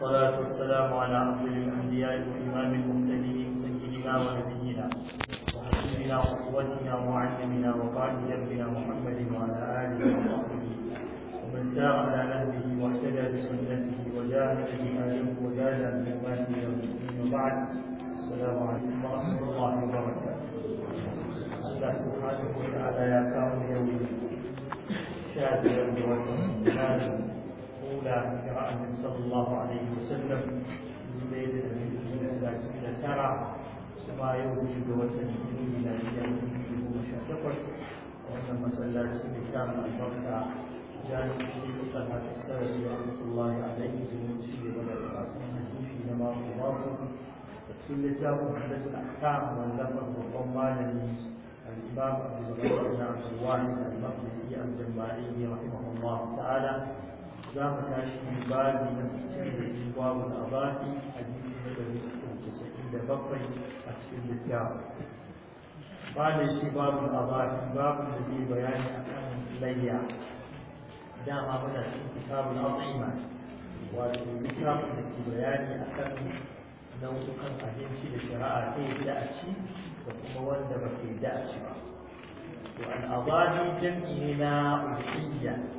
والصلاة والسلام على أفضل الأنبياء وإمام المرسلين سيدنا ونبينا وحبيبنا وقوتنا ومعلمنا وقائد ربنا محمد وعلى آله وصحبه ومن سار على نهجه واهتدى بسنته وجاهد بهذه وجاهد بإيمانه يوم المسلمين وبعد السلام عليكم ورحمة الله وبركاته الله سبحانه وتعالى يا كرم يومي الدين شاكرا وشكرا كراء النبي صلى الله عليه وسلم من ليلة من الله سبحانه ترى سما يوجد وتنجيل إلى يوم وشاتقص وأن مسألة سبحانه البركة جانب في قطعة السلس ورحمة الله عليه من سيد ولا في نماط الله وتسلته وحدة الأحكام واللفظ والضمان الإمام أبو بكر بن عبد الواحد المقدسي الجماعي رحمه الله تعالى za mu tashi babi na sittin babu labari hadisi na dari uku da bakwai a cikin littafi bada shi babu labari babu da zai bayani a kan layya dama muna cikin kitabun al'ima wato littafin da ke bayani a kan nau'ukan abinci da shari'a ta yi da a ci da kuma wanda ba ke yi da a ci ba to al'abadi jam'i na ulfiyya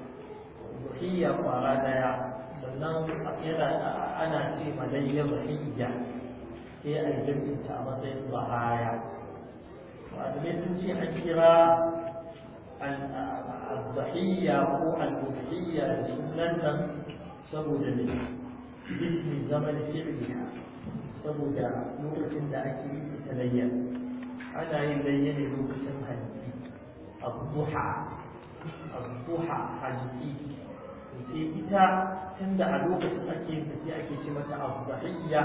hiyya kwara daya sannan yana ana ce ma lailin sai a yi jam'inta a matsayin bahaya malamai sun ce a kira al-dhahiyya ko al-mudhiyya da sunan nan saboda ne bismi zaman shirya saboda lokacin da ake yi ta layyar, ana yin layya lokacin hajji abu duha abu duha hajji sai ita tunda a lokacin ake yin sai ake ce mata abdahiyya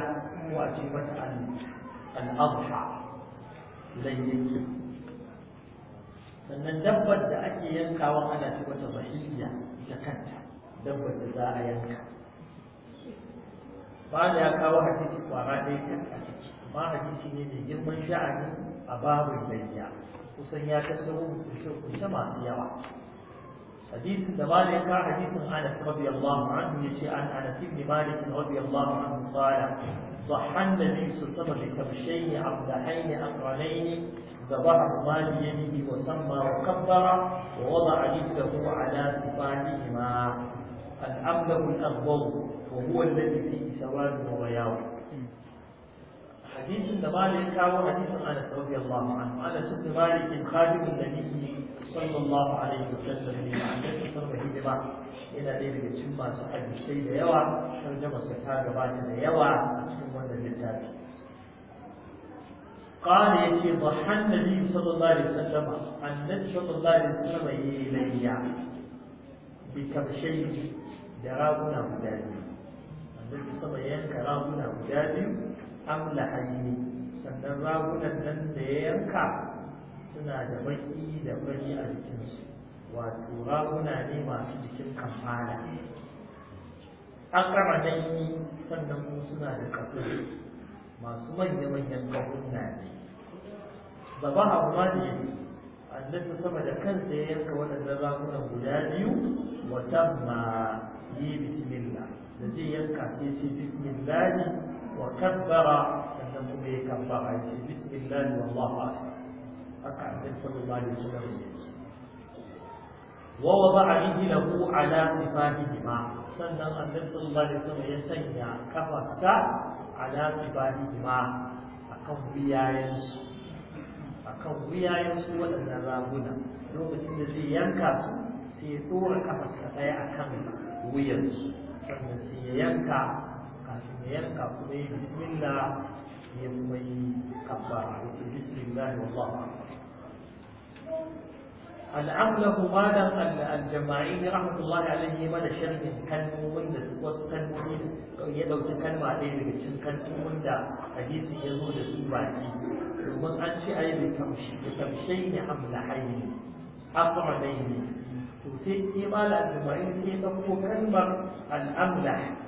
ko a ce mata al-adha yake sannan dabbar da ake yankawa ana ce mata bahiyya ita kanta dabbar da za a yanka ba da ya kawo hadisi kwara ɗaya kan a ciki amma hadisi ne mai girman sha'ani a babu layya kusan ya tattaro shi kusa masu yawa حديث دبالة حديث أنس رضي الله عنه يشي عن أنس بن مالك رضي الله عنه قال ضحى النبي صلى الله عليه وسلم بكبشين عبدحين أقرنين ذبحهما بيده وسمى وكبر ووضع يده على كفانهما الأبلغ الأغضب وهو الذي فيه سواد وغياض hadisin da malik ya kawo hadisin anas radiyallahu anhu anas ibn malik khadimun nabiyyi sallallahu alaihi wasallam ne ma'anar sarfa hidima yana da daga cikin masu hadisai da yawa tarjama sa ta gabata da yawa a cikin wannan littafi قال يتي ضحى النبي صلى الله عليه وسلم النبي صلى الله عليه وسلم يلي بكبشين da raguna guda biyu annabi sama yanka raguna guda biyu Amla, amlahaini sannan ragunan nan da ya yanka suna da baki da bari a jikinsu wato raguna ne masu jikin kamfana An kama daini sannan mu suna da kafu masu manya-manyan kafuna ne ba ba abu ma ne annabi sama da kansa ya yanka waɗannan ragunan guda biyu Wata ma, yi bismillah da zai yanka sai ce bismillah وكبر عندما تبي كفاره بسم الله والله أكبر أكبر صلى الله عليه وسلم ووضع به له على كفاهما sannan annabi sallallahu alaihi ya sanya kafarta ala kibali ma akan wiyayen su akan wiyayen su wadannan raguna lokacin da zai yanka su sai ya tsora kafarta daya akan wiyan su sannan sai ya yanka ya yanka kuma yi bismillah ya kuma yi kabbara ya ce da wallahu al'amlahu malam al-jama'i rahmatullahi alaihi da sharhin kalmomin da wasu kalmomi ya dauki kalma ɗaya daga cikin kalmomin da hadisi ya zo da su baki domin an ce ai bi tamshi bi tamshi ne amlahaini aqradaini to sai imala al-jama'i sai ya dauko kalmar al-amlah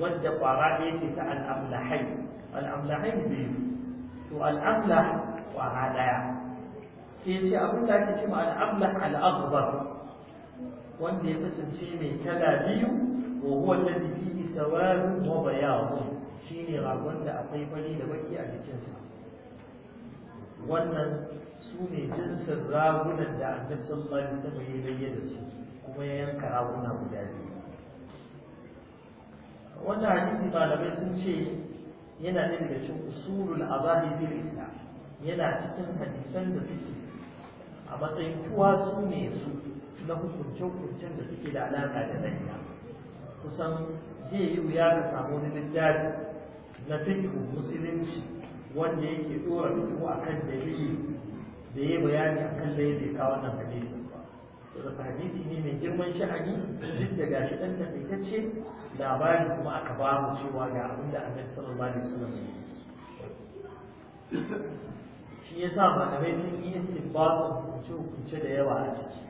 wadda kwara ɗaya ce ta al'amlahai al'amlahai biyu to al'amla kwara ɗaya sai ce abin da ake cewa al'amlah al'akbar wanda ya kasance mai kala biyu wa huwa alladhi fihi sawarun wa bayadun shine ragon da akwai fari da baki a jikinsa wannan su ne jinsin ragunan da annabi sallallahu alaihi wasallam ya bayyana su kuma ya yanka raguna guda biyu wanda hadisi malamai sun ce yana nan da cikin usulul da bil islam yana cikin hadisan da suke a matsayin kuwa su ne su na hukunce-hukuncen da suke da alaƙa da zanya kusan zai yi wuya da samu wani littafi na fikihu musulunci wanda yake ɗora fikihu a kan dalili da ya bayani a kan da ya kawo wannan hadisi saboda hadisi ne mai girman sha'ani duk da gashi da takaitacce labari kuma aka ba mu cewa ga abin da annabi sallallahu alaihi wasallam ya yi shi yasa malamai sun yi istibbatun hukunce hukunce da yawa a ciki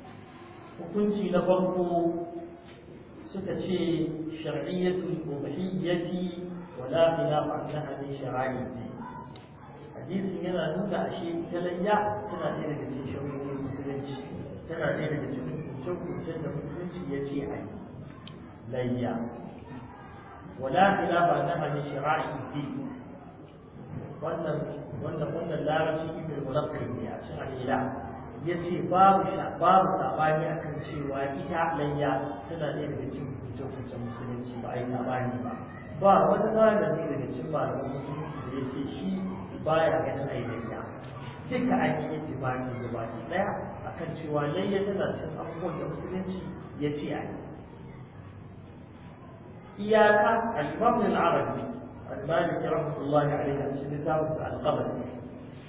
hukunci na farko suka ce shar'iyyatul ubudiyyati wala khilafa annaha min shara'i hadisin yana nuna ashe talayya tana ɗaya daga cikin shawarar musulunci tana ɗaya daga cikin kuncin da musulunci ya ce a yi layya wala ba na hanyar shara'i bi wannan wannan wannan larabci ibn kai ne a cikin alila ce babu babu sabani akan cewa ita layya tana ɗaya daga cikin kuncin musulunci ba a yi sabani ba ba wani malami daga cikin malaman musulunci da ce shi baya ganin ayyuka duka an yi ittifaqi gaba ɗaya kan cewa layya tana cin abubuwan da musulunci ya ce a iyaka al-imam al-arabi al-maliki da alaihi a cikin littafin al-qabr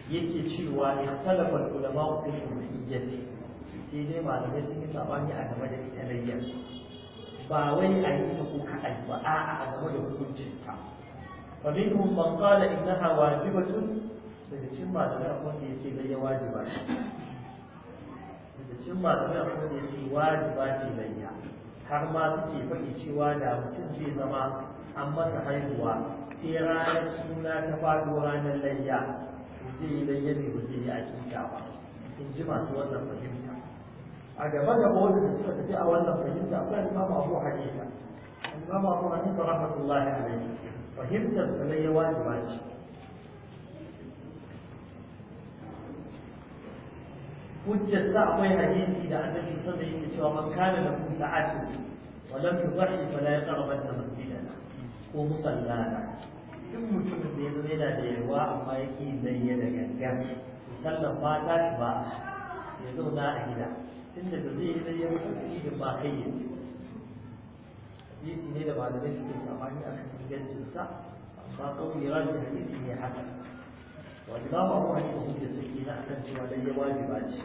yake cewa ikhtalafa al-ulama fi shuruhiyyati sai dai malamai sun yi sabani a game da ita layya ba wai a yi ta kuka a yi ba a'a a game da hukuncinta فمنهم من قال إنها wajibatun daga cikin malamai akwai wanda ya ce dai ya wajiba cikin malamai akwai da ce wajiba ce layya har ma suke faɗi cewa da mutum zai zama an masa haihuwa sai ranar suna ta faɗo ranar layya zai yi layya ne ba zai yi aƙiƙa ba in ji masu wannan fahimta a gaba da wanda suka tafi a wannan fahimta akwai imam abu hanifa imam abu hanifa rahmatullahi alaihi fahimtar sa layya wajiba ce hujjar sa akwai hadisi da annabi sallallahu alaihi wasallam cewa man kana lahu sa'atu wa lam yudhi fala yaqrabanna masjidana ko musallana duk mutumin da ya zama yana da yawa amma yake layya da gangan musallan ba ta ba ya zauna a gida tunda da zai yi layya kuɗi da ba kai ya ci hadisi ne da ba da malamai da tsammani a kan ingancinsa amma kawai ya da hadisi ne haka wani ba ba kuma ne kuma suke na akan cewa dan ya ba ce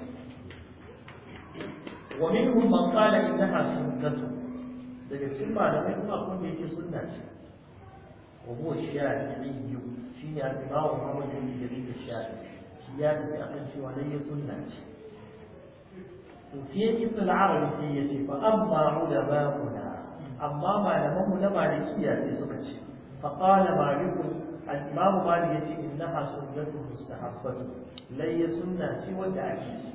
wa minhum man qala innaha sunnatu daga cikin malamai kuma akwai da yake sunna ce wa huwa shafi'i shi ne al-imam Muhammad bin Jarir al-Shafi'i shi ya tafi akan cewa dan ya sunna ce to sai ibn al-Arabi sai ya ce fa amma ulama amma malaman na na malikiya sai suka ce fa qala malikun al-imam malik yace innaha sunnatu mustahabbatu layya sunna ce wanda ake so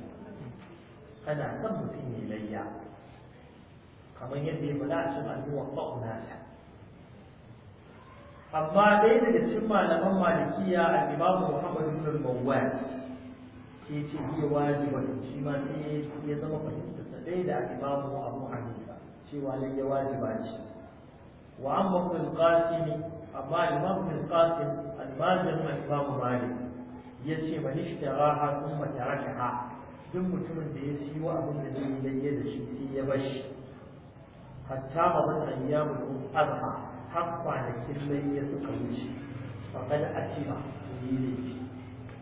kana san mutum ne layya kamar yadda ya faɗa a cikin al-muwaffaq nasa amma ɗaya daga cikin malaman malikiya al-imam muhammad ibn al-mawwaz sai ce biya wajiban shi ma sai ya zama fahimtar sa ɗaya da al-imam abu hanifa cewa layya wajiba ce wa amma ibn al amma imam bin qasim almajin mai imam malik ya ce man ishtara ha kuma tarakaha duk mutumin da ya siyo abin da zai yayye da shi sai ya bashi hatta ma ban ayyamul adha har kwanakin layya suka wuce faqad yi ne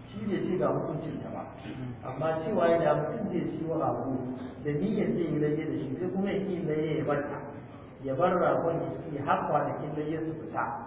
shi ne ce ga hukuncin ta ba amma cewa ya da mutum zai siyo rago da niyyar zai yi layya da shi sai kuma ya yi layya ya bar ya bar ragon ya har kwanakin layya su fita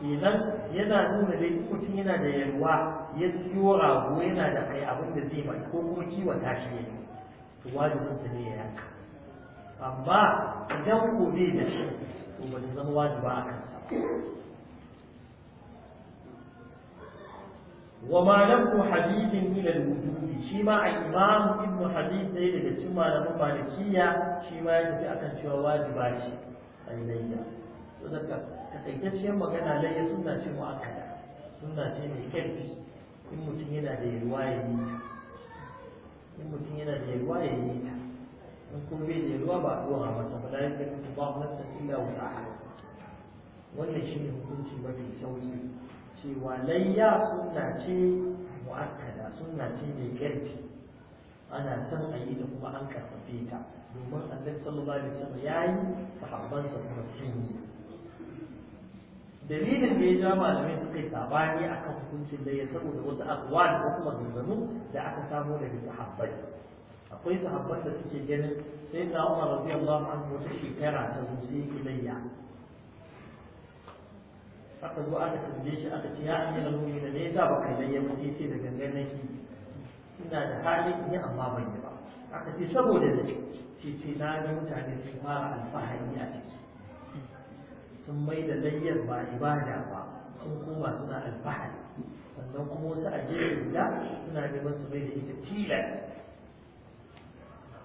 kenan yana nuna dai mutum yana da yalwa ya a rago yana da kai abin da zai mai ko kuma kiwon tashi ne to wajibin sa ne ya yanka amma idan ko bai da shi to ba zama wajiba a kansa ila al حديث shi ma a imam ibnu hadith sai daga cikin malaman malikiya shi ma yake akan cewa wajiba ce alayya to daga takaitacciyar magana lai ya suna ce mu aka suna ce mai ƙarfi in mutum yana da yalwa ya yi ta in mutum yana da yalwa ya yi ta in kuma bai da yalwa ba a ɗora masa ba lai ka mutu ba nafsa illa wuta wannan shi ne hukunci mafi sauki cewa layya suna ce mu da suna ce mai ƙarfi ana son a yi da kuma an karfafe ta domin annabi sallallahu alaihi wasallam yayi sahabbansa kuma sun yi dalilin da ya ja malamai suka yi sabani a kan hukuncin da ya saboda wasu abuwa da wasu maganganu da aka samo daga sahabbai akwai sahabban da suke ganin sai na umar radiyallahu anhu wata shekara ta zo sai ilayya aka zo aka tambaye shi aka ce ya amina da ne da ba kai layya ba ce da gangan nake ina da hali in yi amma ban yi ba aka ce saboda da ce ce na ga mutane su fara alfahari a ciki sun mai da layyar ba ibada ba sun koma suna alfahari sannan kuma wasu ajiyar guda suna neman su mai da ita tilas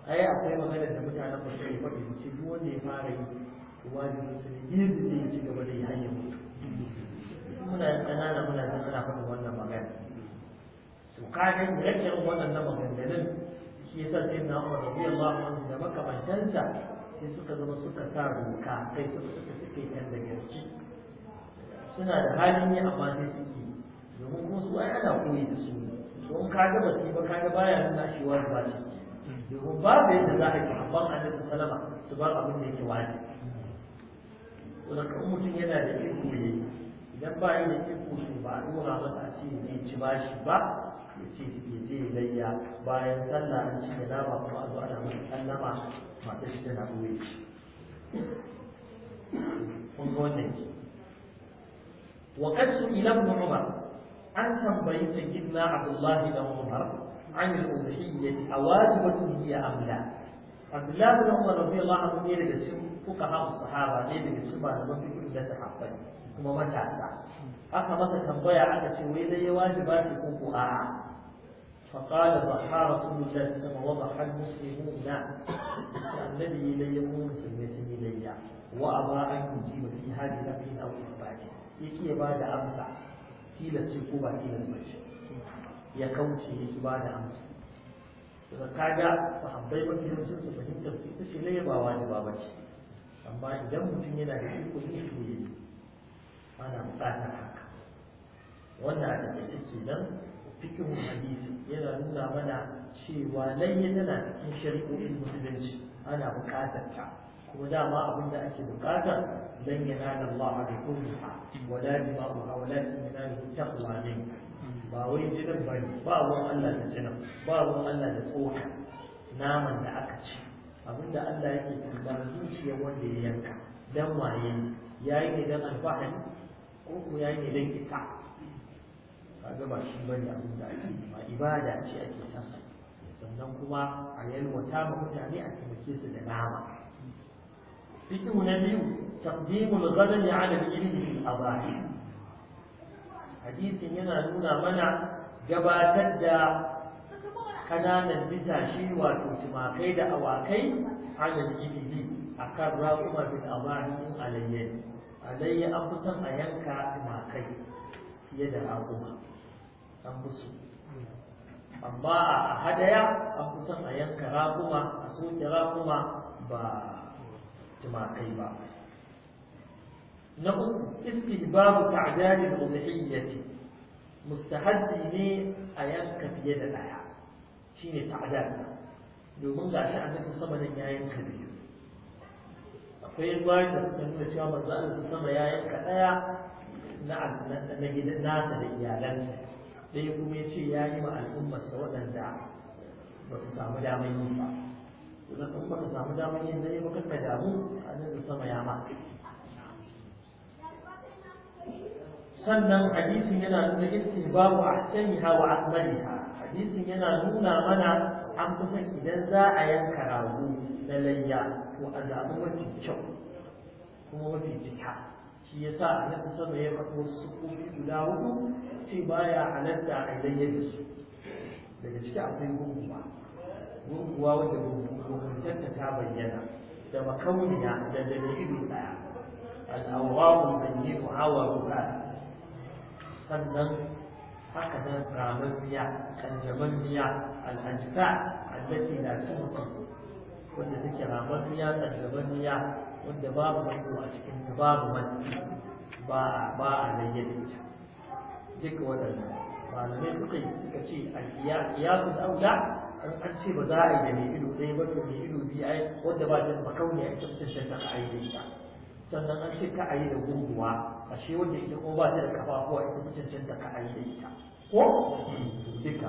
ai akwai maganar da mutanen mu sai faɗi mu ce duk wanda ya fara yi wajibi su ne yin da ya ci gaba da yi mutu muna ƙanana muna san ana faɗin wannan magana to kanin ire-iren na maganganun shi yasa sai na Umar radiyallahu anhu da makamantansa sai suka zama suka sa roka kai suka suka suke yan da garci suna da halin yi amma sai suke domin kuma su ai ana koyi da su don ka ga basi ba ka ga baya nuna shi wani ba shi domin babu yadda za a yi a annabi salama su ba abin da yake wani wadanda mutum yana da iko ne idan ba yi da iko ba a dora masa a ce ne ci ba shi ba ya ce ya je layya bayan sallah an ci da nama kuma a zo ana mai sallama matar shi tana ɓoye kun ga wannan ke wa kasu ila umar an tambayi sayyidina abdullahi da umar an al a awajibatun hiya am amla abdullahi da umar radiyallahu anhu ne daga cikin fuqaha sahaba ne daga cikin malaman fiqh da sahabbai kuma matasa aka masa tambaya aka ce wai dai wajiba ce ko ko a'a فقال ضحارة بن جاسم وضح المسلمون الذي لن يكون سيدي لي وأبى أن يجيب في هذه الأمين أو إخباره يكي بعد أمسى كيلة سيكوبا كيلة مجد ya kauce yake ba da amsa daga kaga sahabbai mafi yawancin su fahimtar su ita ce laibawa ne ba bace amma idan mutum yana da iko ne to yi ana buƙatar haka wannan a take kenan fikihun hadisi yana nuna mana cewa lalle tana cikin shari'o'in musulunci ana buƙatar ta kuma dama abin da ake buƙata lan yanala Allah bi kulliha wala bi ma wala bi yanala taqwa min ba wai jinin bane ba wa Allah da jinin ba wa Allah da tsoka naman da aka ci abinda Allah yake tambar zuciyar wanda ya yanka dan waye yayi ne dan alfahari ko ko yayi ne dan ita kaga ba shi bane abin da ake ba ibada ce ake san sannan kuma a yalwata ma mutane a taimake su da nama fiki na biyu taqdimul ghadan ala al-ilmi fil abahi hadisin yana nuna mana gabatar da kananan bitashi wato tumakai da awakai ala al-ilmi akan raquma bil abahi alayya alayya an kusan a yanka tumakai fiye da raquma an musu amma a hadaya an kusan a yanka raguma a soke raguma ba tumakai ba na uku iski babu ta'adalin rubu'iyyati mustahaddi ne a yanka fiye da daya ne ta'adari domin ga shi nufin sama da ya yanka biyu akwai ruwayar da suka nuna cewa manzo Allah sama ya yanka daya na na na gidan nasa da iyalansa Sai kuma ya ce ya yi ma al'ummarsa waɗanda ba su samu damar yi ba idan kuma su samu damar yi zai wa ka damu a nan da sama ya ma sannan hadisin yana nuna hawa ahsaniha wa akmaliha hadisin yana nuna mana an kusa idan za a yanka rago na layya to a zaɓi mafi kyau kuma mafi cika shi ya sa a nan sama ya faɗo su kofi guda hudu ce baya halatta a idan da su daga ciki akwai gunguwa gunguwa wanda gunguntarta ta bayyana da makauniya da dalilin ɗaya al'awawun ban yi mu'awa ruka sannan haka nan ramammiya kanjamammiya al'ajika allati la tuhqi wanda take ramammiya miya. wanda babu manzo a cikin babu manzo ba ba a layyade ta duk waɗannan malamai suka yi suka ce al-qiyasul aula an an ce ba za a yi da mai ido ɗaya ba to mai ido biyu ai wanda ba ta a ita ta shanta a yi da ita sannan an ce ka a yi da gurguwa ashe wanda idan ko ba ta da kafafuwa ita ta cancanta ka a yi da ita ko duka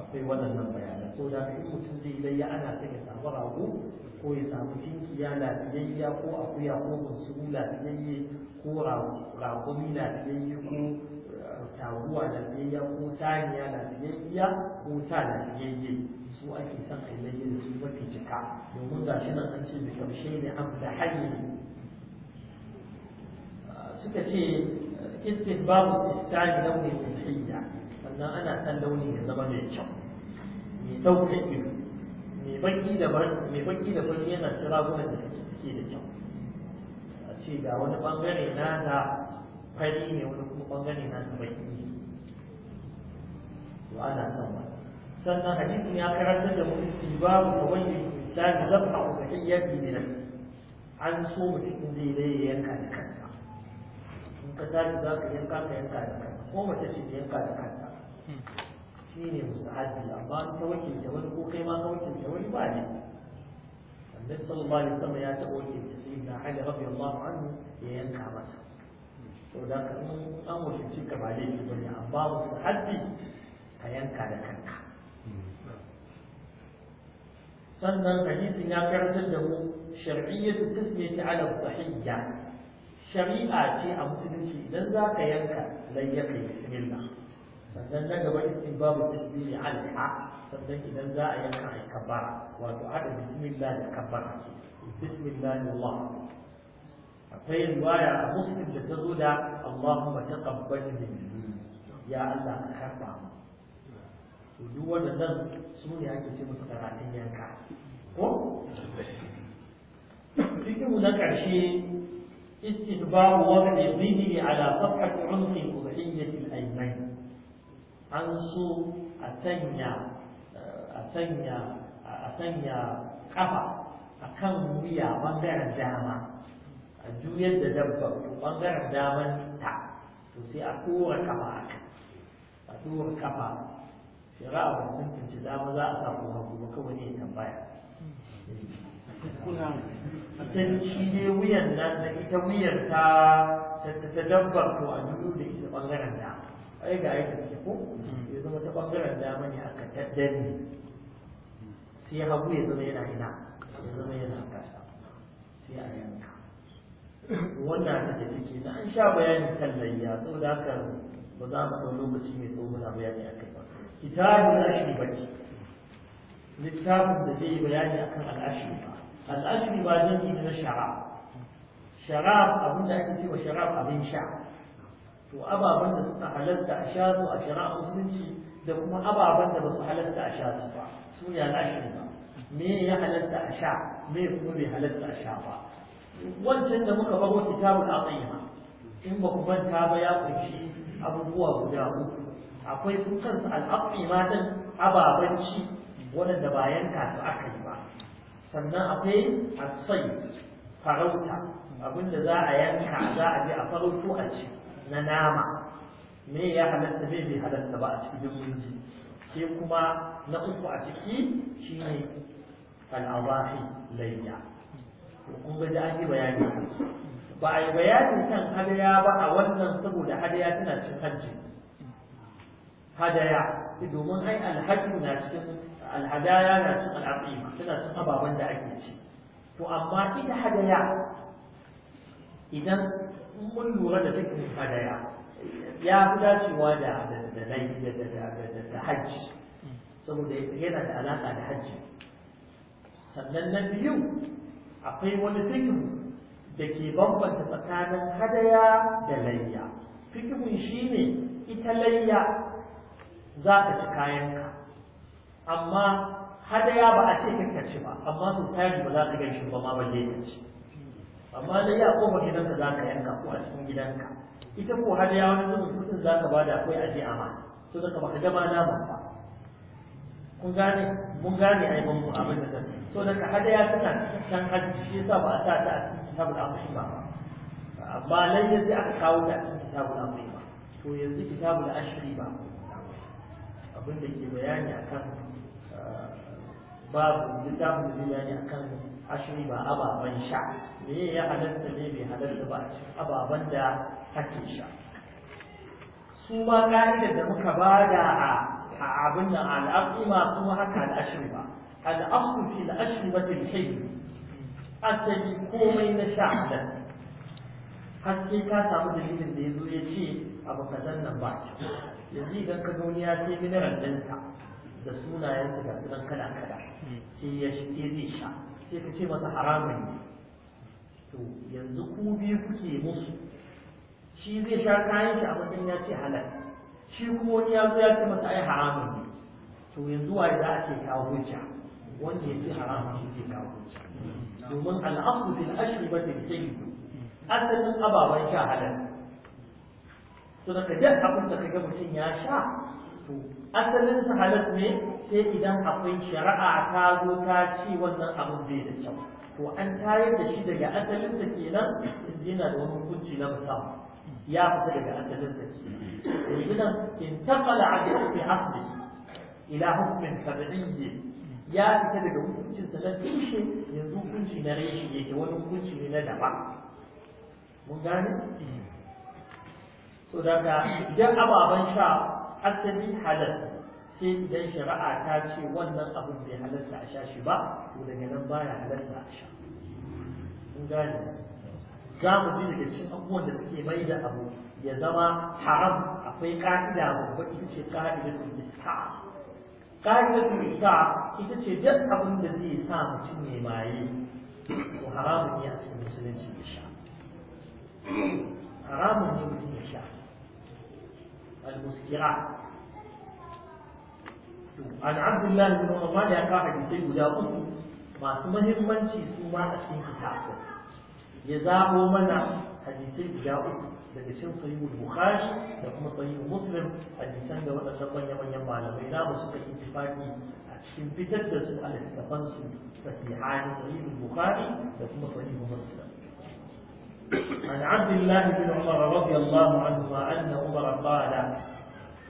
akwai waɗannan bayanan so da mutum zai layya ana sanya samu rago ko ya samu tinkiya lafiyayya ko akuya ko bunsuru lafiyayye ko rakumi lafiyayye ko eh, taguwa lafiyayya ko taniya lafiyayya ko ta lafiyayye su ake son a yi da su mafi cika domin ga shi nan an ce da karshe ne an da hanyar suka ce istihbabu istani launin hanyar sannan ana son launi ya zama mai kyau mai ɗaukar ido mai baki da mai baki da fari yana ci ragunan da suke da kyau a ce ga wani bangare na da fari ne wani kuma bangare na da baki ne to ana son ba sannan hadisin ya karantar da mu istibabu ga wanda misali zabha ubahiyyati bi nafsi an so mutum zai dai yanka da kansa in ka tashi za ka yanka ka yanka da kanka ko mace ce yanka da kanka shi ne musahabi amma an ta wakilta wani ko kai ma ka wakilta wani ba ne annabi sallallahu alaihi wasallam ya taɓa wakilta sayyidina rabbi Allah anhu ya yanka masa saboda haka in an wakilci ka ba ne, bane amma ka yanka da kanka sannan hadisin ya karantar da mu shar'iyyatu tasmiyati ala dhahiyya shari'a ce a musulunci idan za ka yanka lai ya kai bismillah sannan na gaba isin babu tasbihi alha sannan idan za a yanka ai kabbara wato hada bismillah da kabbara bismillah Allah akwai riwaya a muslim da ta zo da Allahumma taqabbal minni ya Allah ka karba to duk waɗannan su ne ake ce musu karatun yanka ko fikihu na ƙarshe istihbabu ne dhihri ala safhati unqi al-udhiyyati al-ayman an so a sanya eh, a sanya a sanya kafa a kan wuya bangaren dama a juyar da dabbar bangaren daman ta to sai a kowar kafa a kan, a kowar kafa shari'a ba sun tunci dama za a samu hagu ba kawai ne tambaya can shi ne wuyan nan da ita wuyar ta ta dabbar to a juyar da ita bangaren dama ai ga yadda suke ko ya zama ta bangaren dama ne aka taddani sai hagu ya zama yana ina ya zama yana kasa sai a yanka wannan na da ciki na an sha bayani kan layya saboda haka ba za mu ɗau lokaci mai tsawo na bayani a kai ba kitabun ashiri ba ce littafin da zai yi bayani akan al'ashiri ba al'ashiri ba zan yi na shara shara abin da ake cewa shara abin sha to ababen da suka halatta a sha su a shari'a musulunci da kuma ababen da ba su halatta a sha su ba su ya lashe ba me ya halatta a sha me kuma bai halatta a sha ba wancan da muka bago kitabul azima in ba ku banta ba ya kunshi abubuwa guda uku akwai su kansu al'azima ma ababen ci waɗanda ba yanka su aka yi ba sannan akwai asai farauta abinda za a yanka za a je a farauto a ci na nama me ya halatta me bai halatta ba a cikin munji sai kuma na uku a ciki shine al'awafi layya kun ga da an yi bayani ba a yi bayanin kan hadaya ba a wannan saboda hadaya tana cin hajji hadaya domin ai alhaji na cikin alhadaya na cikin al'afi tana cin ababen da ake ci to amma ita hadaya idan in mun lura da duk hadaya ya fi dacewa da da da da hajji saboda yana da alaƙa da hajji sannan na biyu akwai wani fikihu da ke bambanta tsakanin hadaya da layya shi shine ita layya za ka ci kayanka amma hadaya ba a ce kanka ci ba amma sun kayan ba za ka gan shi ba ma balle ka ci amma da ya koma gidanka za ka yanka ko a cikin gidanka ita ko har ya wani zuwa kudin za ka bada akwai aje ama so da kamar gama naman ba kun gane mun gane yi ban mu abin da so da ya tana can hajji shi yasa ba a sa ta a cikin kitabul amri ba amma nan yanzu aka kawo ta a cikin kitabun amri ba to yanzu kitabun ashiri ba abin da ke bayani akan ah, babu littafin da bayani akan ashriba ababan sha me ya halatta ne bai halatta ba ababan da ake sha su ma ka'idar da muka bada a abin nan ma su haka da al'ashriba al'aqu fi al'ashribati al-hayy asali komai na sha da haske ka samu dalilin da ya zo ya ce abu zan nan ba yanzu idan ka ga ya sai mineral ɗinka da sunayen su ga sunan kala kala sai ya shi zai sha sai ka ce masa haramun to yanzu ku biyu kuke musu shi zai sha kayan shi a matsayin ya ce halal shi kuma wani ya zo ya ce masa ai haramun ne to yanzu wa za a ce kawo hujja wanda ya ce haramun shi zai kawo hujja domin al'asu bil ta al yi asalin ababen sha halal to daga duk abin da kaga mutum ya sha to asalin su halas ne sai idan akwai shari'a ta zo ta ci wannan abin bai da kyau to an tayar da shi daga asalin sa kenan yana da wani hukunci na musamman ya fita daga asalin sa kenan idan intaqala an hukmi asli ila hukmin tabi'i ya fita daga hukuncin sa na tushe yanzu hukunci na reshi yake wani hukunci ne na daba. mun gane so daga idan ababen sha asali halal sai idan shari'a ta ce wannan abin bai halarta a sha shi ba to daga nan baya halarta a sha kun gane za mu ji daga cikin abubuwan da suke mai da abu ya zama haram akwai ka'ida ba ita ce ka'idatul ka'ida ka'idatul isha ita ce duk abin da zai sa mutum ya maye to haramun ne a cikin musulunci ya sha haramun ne mutum ya sha المسكرات an abdullahi kuma amma da ya kafa gice guda uku masu mahimmanci su ma a cikin hisabu ya zabo mana hadisai guda uku daga cikin sahihu bukhari da kuma sahihu muslim hadisan da wadanda manyan manyan malamai na musu da ittifaqi a cikin fitar da su a littafan su sahihani sahihu bukhari da kuma sahihu muslim عن عبد الله بن عمر رضي الله عنهما أن عمر قال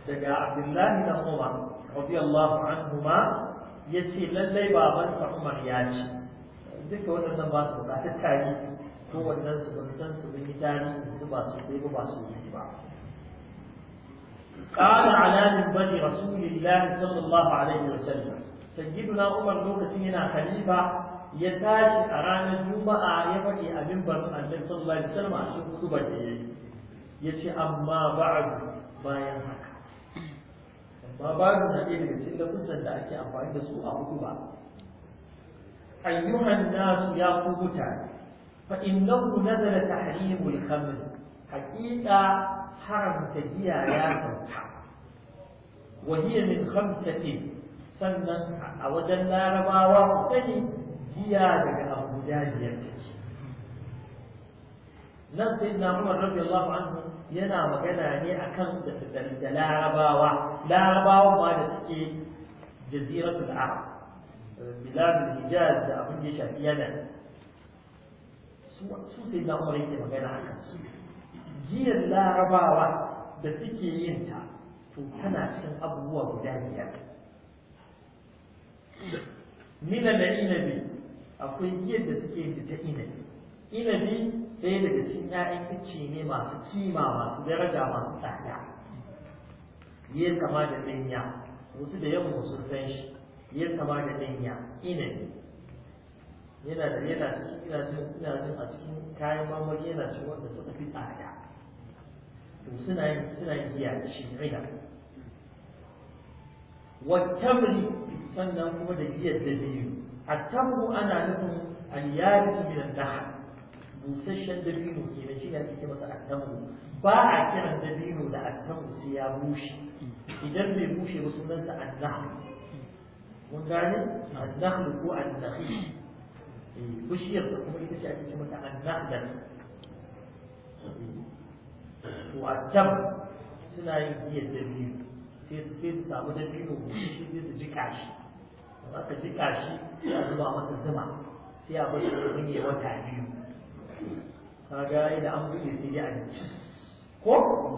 دقى عبد الله بن عمر رضي الله عنهما يسي للي بابا عمر ياتي ذكر أن الناس بعد التاريخ هو الناس بالناس بالنتاني سبا سبيب وبا سبيب قال على منبر رسول الله صلى الله عليه وسلم سيدنا عمر لوكتين خليفة ya tashi a ranar juma'a ya faɗi a mimbar annabi sallallahu alaihi wasallam a cikin kutubar da yayi yace amma ba'du bayan haka amma ba'du na ɗaya daga cikin lafuzan da ake amfani da su a kutuba ayyuhan nasu ya ku mutane fa innahu nazala tahrimul khamr haqiqa haramta biya ya sauka wa hiya min khamsatin sannan a wajen larabawa ku sani giya daga abu da biyar kake nan sai na umar radiyallahu anhu yana magana ne akan da da larabawa larabawa ma da suke jaziratul arab biladul hijaz da abin da ya shafi yanan su sai na umar yake magana akan su giyar larabawa da suke yin ta to tana cikin abubuwa guda biyar min al-inabi akwai giyar da suke yi ta inabi inabi ɗaya daga cikin 'ya'yan icce ne masu kima masu daraja masu tsada ya kama da ɗanya wasu da yamma sun san shi ya kama da ɗanya inabi yana da yana cikin ina jin ina jin a cikin kayan marmari yana cikin wanda suka fi tsada to suna yin suna yin giya shi ina wa tamri sannan kuma da giyar da biyu ana التمر أنا نفهم اليابس من النحل busasshen dabino ke da shi ne ake masa attamu ba a kiran dabino da attamu sai ya bushe idan bai bushe ba sunan sa annahu mun gane annahu ko annahi bishiyar da kuma ita ce ake ce mata annahdat to attam suna yin iya dabino sai su sai su samu dabino bushe sai su jika shi aka jiƙa shi sai zuba masa zuma sai a bar shi ne ya wata biyu kaga da an buɗe sai ya ci ko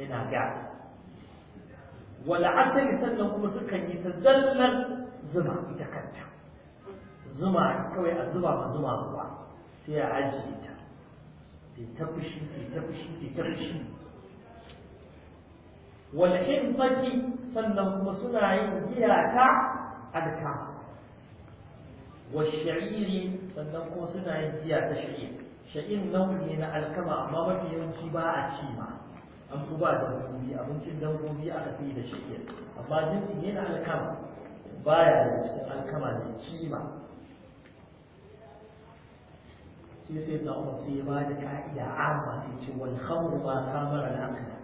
yana ga wala asali sannan kuma sukan yi ta zallan zuma ita kanta zuma kawai a zuba ma zuma ba sai a ajiye ta ta fushi ta fushi ta fushi wal hizbati sannan kuma suna yin iyaka alka wa sha'iri sannan kuma suna yin iyaka sha'ir Sha'in nau'i ne na alkama amma mafi yawanci ba a ci ma an fi ba dabbobi abincin dabbobi aka fi da sha'ir amma jinsi ne na alkama baya da cikin alkama da ci kima sai sai da umar sai ya ba da ka'ida amma sai ce wal khamru ma kamara al-aqla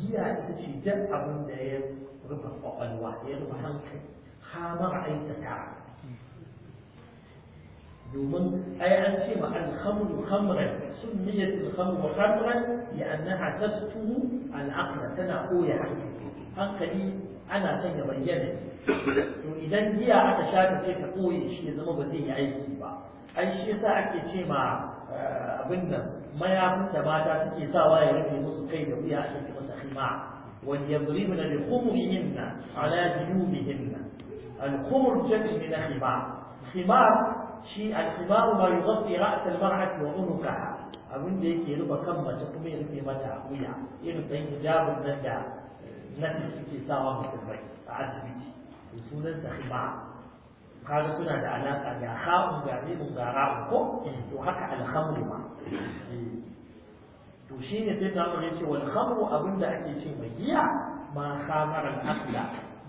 jiya ita ce duk abin da ya rufe ƙwaƙwalwa, ya rufe hankali kamar aikata domin ai an ce ma alhamdu hamran da alhamdu hamran li'annaha tasturu al'aqla tana koya hankali ana son ya bayyana to idan giya aka shafe sai ka koye shi ya zama ba zai yi aiki ba ai shi yasa ake ce ma eh, abin nan mayafin da mata suke sawa ya rufe musu kai da wuya ake ce masa khima wal yadribna bi khumurihinna ala jiyubihinna al khumur jami min khima khima shi al khima ma yughatti ra's al mar'ati wa unukaha abin da yake rufe kan mace kuma ya rufe mata wuya irin dan hijabin nan da nan suke sawa musulmai a asibiti sunan sa khima kaga suna da alaka da ha'un da mimun ga ra'un ko to haka alhamdu ma to shine sai ta amare ce wal khamru abinda ake ce mai giya ma khamar al aqla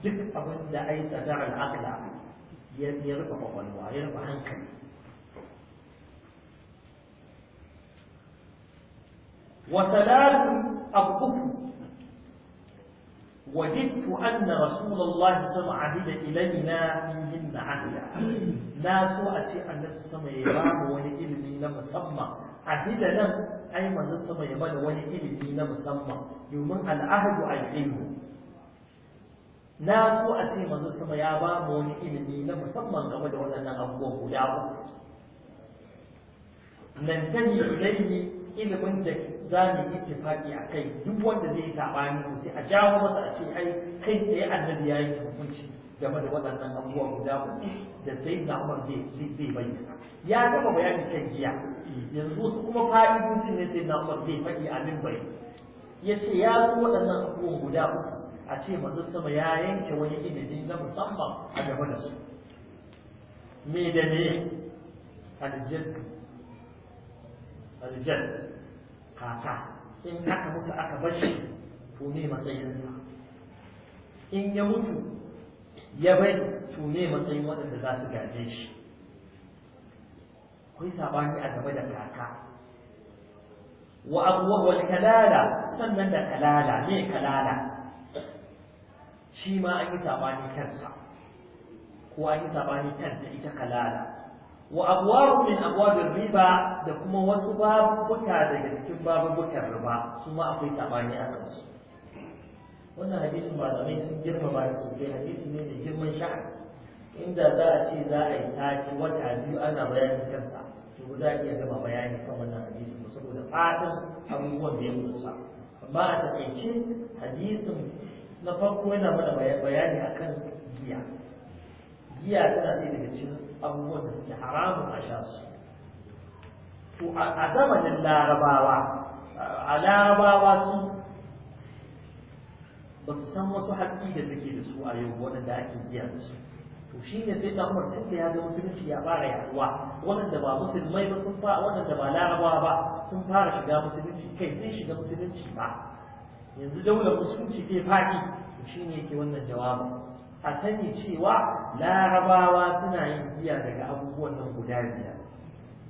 duk abinda ai tsadar al aqla ya ya rufe kwakwalwa ya rufe hankali wa talal abu وددت أن رسول الله صلى الله عليه وسلم إلينا فيهن عهدا لا سوء شيء أن السماء يرام ولإلمي لم سمى عهدا لم أي من السماء يبال ولإلمي لم سمى يومن العهد العلم لا سوء شيء من السماء يرام ولإلمي لم سمى قبل أن أبوه لا ننتهي إليه إلى من ذكي za mu yi ittifaqi a kai duk wanda zai yi sabani ko sai a jawo masa a ce ai kai tsaye annabi ya yi hukunci game da waɗannan abubuwan guda uku da sai da Umar zai zai bayyana ya gama bayani kan giya yanzu wasu kuma fa'idodin ne sai da Umar zai faɗi a bai ya ce ya su waɗannan abubuwan guda uku a ce manzo sama ya yanke wani ilimi na musamman a game da su me da me aljanna aljanna kata in aka mutu aka bar shi to ne matsayinsa in ya mutu ya bai to ne matsayin waɗanda za su gaje shi akwai saɓani a game da kaka wa abuwa wal kalala sannan da kalala me kalala shi ma an yi saɓani kansa ko an yi saɓani kanta ita kalala wa abwaru min abwabir riba da kuma wasu babuka daga cikin babukan riba su ma akwai tabani a kan su wannan hadisin malamai sun girma ba su ce hadisi ne da girman sha'ani inda za a ce za a yi taki wata biyu ana bayanin kansa to za a iya gama bayani kan wannan hadisi saboda fatan abubuwan da ya musa amma a takaice hadisin na farko yana mana bayani akan giya giya tana ɗaya daga cikin abubuwan da suke haramun a sha su to a zamanin larabawa a larabawa su ba su san wasu haƙƙi da suke da su a yau waɗanda ake biya da su to shi ne sai ɗan tun da ya ga musulunci ya fara yaduwa waɗanda ba musulmai ba sun fara waɗanda ba larabawa ba sun fara shiga musulunci kai zai shiga musulunci ba yanzu daular musulunci zai faɗi to shi ne yake wannan jawabin a sani cewa larabawa suna yin jiya daga abubuwan nan guda biyar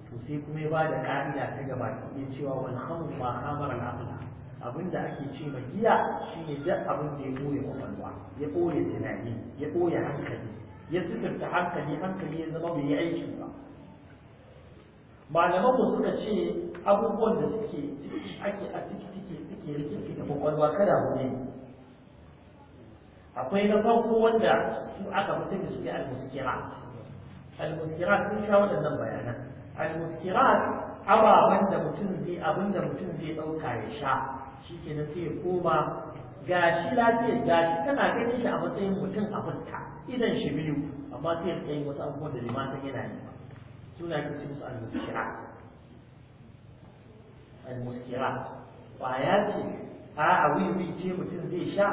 to sai kuma ya bada ka'ida ta gaba ya cewa wal khamru ma khamar al aqla abinda ake ce ma giya shine duk abin da ya ɓoye kwakwalwa ya ɓoye tunani ya ɓoye hankali ya sifirta hankali hankali ya zama bai yi aiki ba malaman mu suka ce abubuwan da suke ake a ciki suke suke rikici da kwakwalwa kada mu ne akwai na farko wanda su aka mutum da su ne al-muskirat al-muskirat sun sha waɗannan bayanan al-muskirat ababen da mutum zai abin da mutum zai ɗauka ya sha shi ke sai ya koma gashi lafiyar gashi tana ganin shi a matsayin mutum a fuska idan shi biyu amma sai ya tsaye wasu abubuwan da limatan yana yi suna ke cin su al-muskirat al-muskirat ƙwaya ce a'a wiwi ce mutum zai sha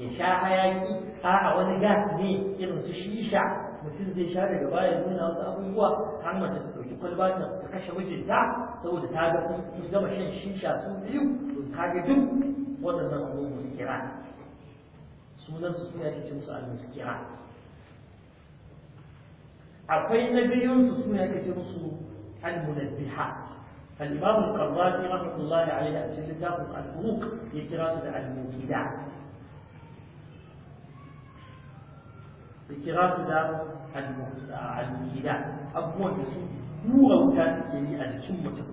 ya sha hayaki a'a wani gas ne irin su shisha mutum zai sha daga baya nuna wasu abubuwa har mace ta ɗauki kwalba ta kashe mijinta saboda ta ga sun gama shan shisha su biyu to ta ga duk waɗannan abubuwan muskira sunan su suna cikin su al-muskira akwai na biyun su suna cikin su al-munabbiha al-imam al-qardawi rahmatullahi alayhi a cikin littafin al-fuq ya kira da al-mukida da su da al mutada abubuwan da su nura wuta take yi a jikin mutum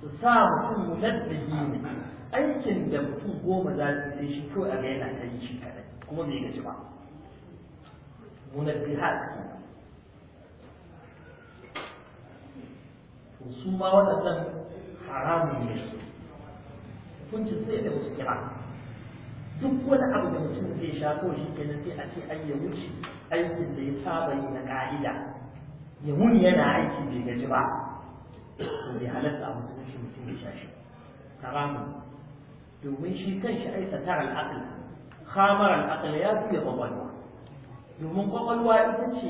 su sa mutum munaddaji ne aikin da mutum goma za su yi shi kawai a gaina ta yi shi kadai kuma bai gaji ba munaddihat su ma waɗannan haramun ne ci sai da wasu kira duk wani abu da mutum zai sha kawai shi kenan sai a ce ai ya wuce aikin da ya saba yi na ka'ida ya muni yana aiki bai gaji ba to bai halatta a musulunci mutum ya sha shi haramun domin shi kanshi ai satar al'aql khamar al'aql ya fiye kwakwalwa domin kwakwalwa ita ce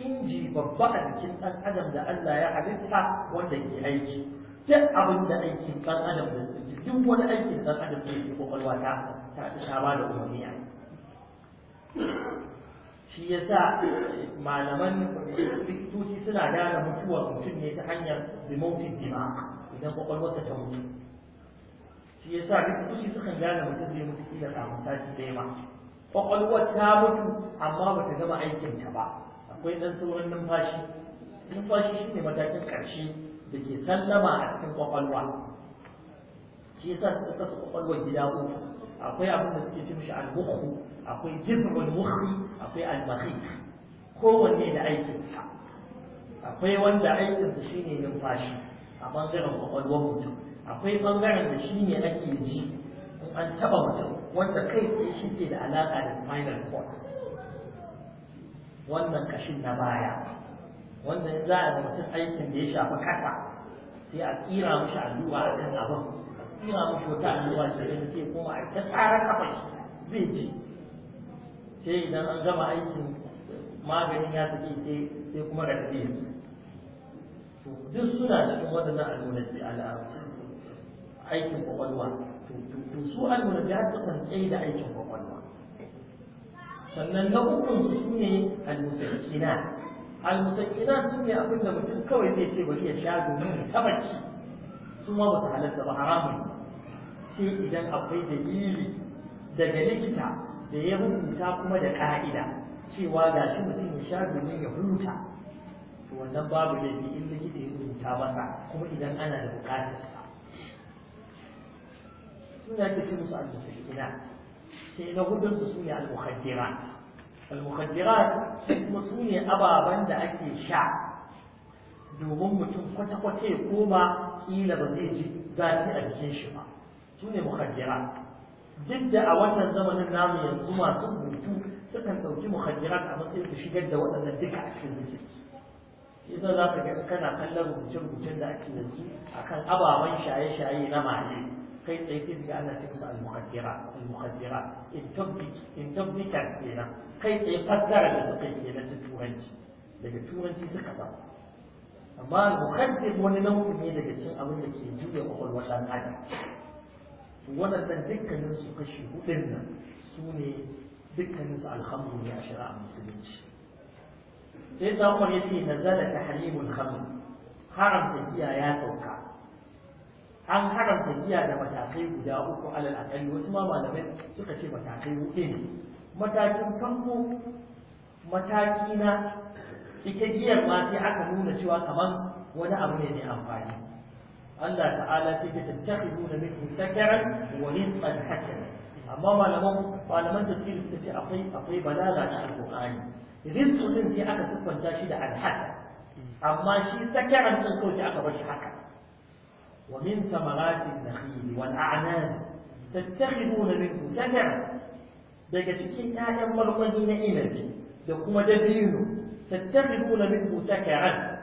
inji babba a jikin ɗan adam da Allah ya halitta wanda ke aiki duk abin da aikin ɗan adam da tsinci duk wani aikin ɗan adam da yake kwakwalwa ta ta ta ba da umarniya shi ya sa malaman likitoci suna gane mutuwar mutum ne ta hanyar remote dima idan kwakwalwar ta mutu shi ya sa likitoci sukan gane mutum zai mutu kila samun sati ɗaya ma kwakwalwar ta mutu amma ba ta gama aikinta ba akwai ɗan sauran numfashi numfashi shi ne matakin ƙarshe da ke sallama a cikin kwakwalwa shi yasa suka kasa kwakwalwar gida uku akwai abin da suke cin shi al-mukhu akwai jibrul mukhi akwai al kowanne da aikin sa akwai wanda aikin sa shine numfashi a bangaren kwakwalwar mutum akwai bangaren da shine ake ji in an taba mutum wanda kai tsaye shi ke da alaka da spinal cord wannan kashin na baya wannan za a mutum aikin da ya shafi kasa sai a tsira mishi alluwa a kan abin a tsira mushi wata alluwa da ya ke kuma a ta tsara kafa shi zai ji sai idan an gama aikin maganin ya tafi sai kuma raɗaɗe to duk suna cikin waɗannan allurar da al'adu aikin kwakwalwa to su allurar da sukan tsaye da aikin kwakwalwa sannan na hukun su ne al-musakina almusakinat sun ne abin da mutum kawai zai ce bari ya sha domin tabbaci su ma ba su halatta ba haramun sai idan akwai dalili daga likita da ya rubuta kuma da ka'ida cewa ga shi mutum ya sha domin ya huta to wannan babu laifi in likita ya rubuta masa kuma idan ana da sa. suna ke ce musu almusakinat sai na hudunsu su ne almukhaddirat al-mukhaddirat kuma su ne ababen da ake sha domin mutum kwata-kwata ya koma kila ba zai ji zafi a bikin shi ba su ne mukhaddirat duk da a wannan zamanin namu yanzu masu hutu sukan ɗauki mukhaddirat a matsayin su shigar da waɗannan duka a cikin jikinsu yasa za ka ga kana kallon rubuce-rubucen da ake yanzu akan ababen shaye-shaye na maye kai tsaye sai ga ana ce musu in tabbi in tabbi ta kenan kai tsaye fassara da suka yi ta turanci daga turanci suka ba amma al wani nau'i ne daga cikin abin da ke juya kwakwalwar ɗan adam waɗannan dukkanin su kashi hudun nan su ne dukkanin su a shari'a musulunci sai ta umar ya ce nazala tahrimul khamr haramta giya ya sauka an haramta giya da matakai guda uku alal akalli wasu ma malamai suka ce matakai hudu ne matakin farko mataki na ita giyar ma sai aka nuna cewa kamar wani abu ne mai amfani Allah ta'ala sai ta tattakidu na minhu sakaran wa rizqan hakan amma malaman malaman tafsiri suka ce akwai akwai balala a alqur'ani rizqu din sai aka siffanta shi da alhaq amma shi sakaran sun kawai aka bar shi haka ومن ثمرات النخيل والأعناب تتخذون منه سبع دقة كتاة مرمدين إلك دقوم دبين تتخذون منه سكعا